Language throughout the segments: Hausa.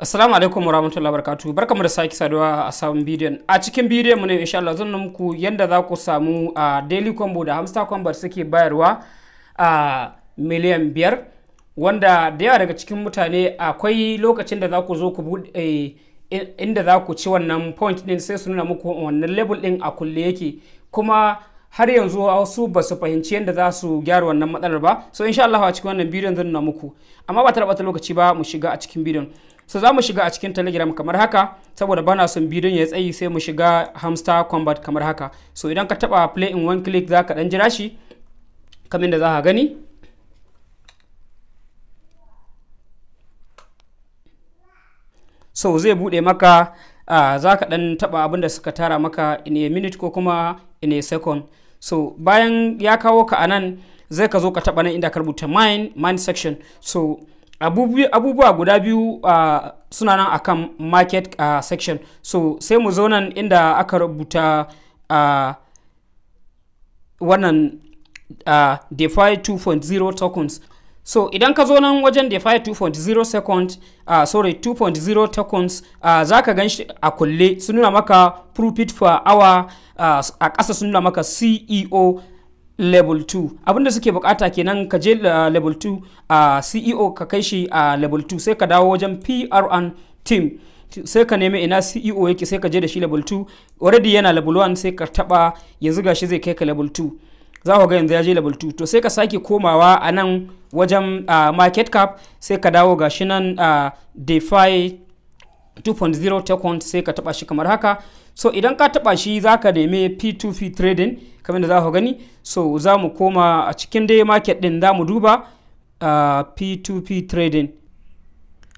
Assalamu alaikum warahmatullahi wabarakatuh. Barkamu da sake saduwa a sabon bidiyon. A cikin bidiyon mu ne insha Allah zan muku yanda za ku samu a daily combo da hamster combo suke bayarwa a miliyan biyar wanda da yawa daga cikin mutane akwai lokacin da za ku zo ku bude eh, inda za ku ci wannan point din sai su nuna muku wannan level din a kulle yake kuma har yanzu wasu ba su fahimci yadda za su gyara wannan matsalar ba so insha Allah a cikin wannan bidiyon zan nuna muku amma ba ta rabata lokaci ba mu shiga a cikin bidiyon so za mu shiga a cikin telegram kamar haka saboda bana son bidiyon ya tsayi sai mu shiga hamster combat kamar haka so idan ka taba play in one click za ka dan jira shi kamar da za ka gani so zai bude maka uh, za ka dan taba abin da suka tara maka in a minute ko kuma in a second so bayan ya kawo ka anan zai ka zo ka taba nan inda ka rubuta mind mind section so abubuwa guda biyu uh, suna nan akan market uh, section so sai mu zo nan inda aka rubuta uh, wannan uh, defi 2.0 tokens so idan ka zo nan wajen defy 2.0 second uh, ah, sorry 2.0 tokens uh, za ka gan shi a kulle sun nuna maka profit per hour uh, a ƙasa sun nuna maka ceo level 2 abinda suke bukata kenan ka je uh, level 2 a uh, ceo ka kai shi a uh, level 2 sai ka dawo wajen prn team sai ka nemi ina ceo yake sai ka je da shi level 2 already yana level 1 sai ka taba yanzu gashi zai kai ka level 2 za ga yanzu ya je level 2 to sai ka sake komawa a nan wajen market cap sai ka dawo ga shi nan defi 2.0 second sai ka taba shi kamar haka so idan ka taba shi za ka nemi p2p trading kamar da za ku gani so za mu koma a cikin dai market din za mu duba uh, p2p trading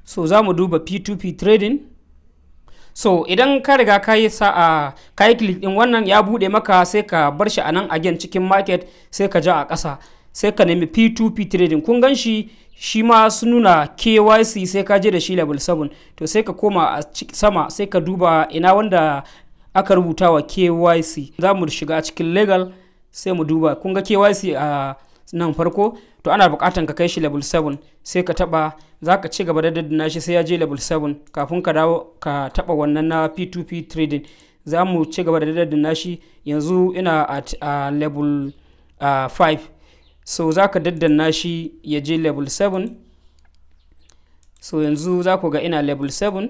so za mu duba p2p trading so idan ka riga ka yi sa'a ka yi click din wannan ya bude maka sai ka bar shi a nan again cikin market sai ka ja a kasa sai ka nemi p2p trading kun gan shi shi ma sun nuna kyc sai ka je da shi level 7 to sai ka koma a sama sai ka duba ina wanda aka rubuta wa kyc za mu shiga cikin legal sai mu duba kun ga kyc a nan farko to ana bukatan ka kai shi level 7 sai ka taba za ka ci gaba da daddana shi sai ya je level 7 kafin ka dawo ka taba wannan na p2p trading za mu ci gaba da daddana shi yanzu ina at uh, level uh, 5 so za ka daddana shi ya je level 7 so yanzu za ku ga ina level 7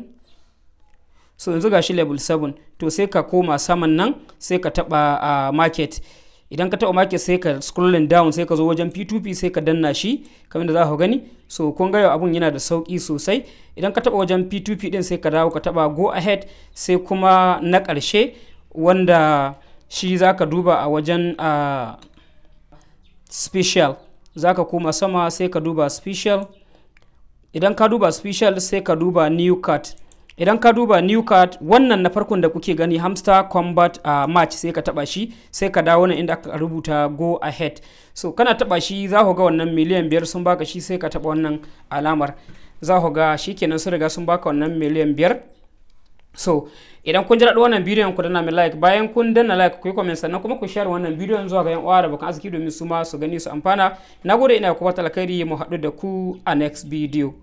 so yanzu ga shi level 7 to sai ka koma saman nan sai ka taba uh, market idan ka taɓa market sai ka scrolling down sai ka zo wajen p2p sai ka danna shi kamar da za ka gani so kun ga abun yana da sauki sosai idan ka taɓa wajen p2p din sai ka dawo ka taɓa go ahead sai kuma na ƙarshe wanda shi za ka duba a wajen special za ka koma sama sai ka duba special idan ka duba special sai ka duba new card idan ka duba new card wannan na farkon da kuke gani hamster combat a uh, match sai ka taba shi sai ka dawo nan inda aka rubuta go ahead so kana taba shi za ku ga wannan miliyan biyar sun baka shi sai ka taba wannan alamar za ku ga shikenan sun riga sun baka wannan miliyan biyar so idan kun ji daɗin wannan bidiyon ku dana mai like bayan kun danna like ku yi comment sannan kuma ku share wannan bidiyon zuwa ga yan uwa da bakan arziki domin su ma su gani su amfana nagode ina kuma talakari mu haɗu da ku a next video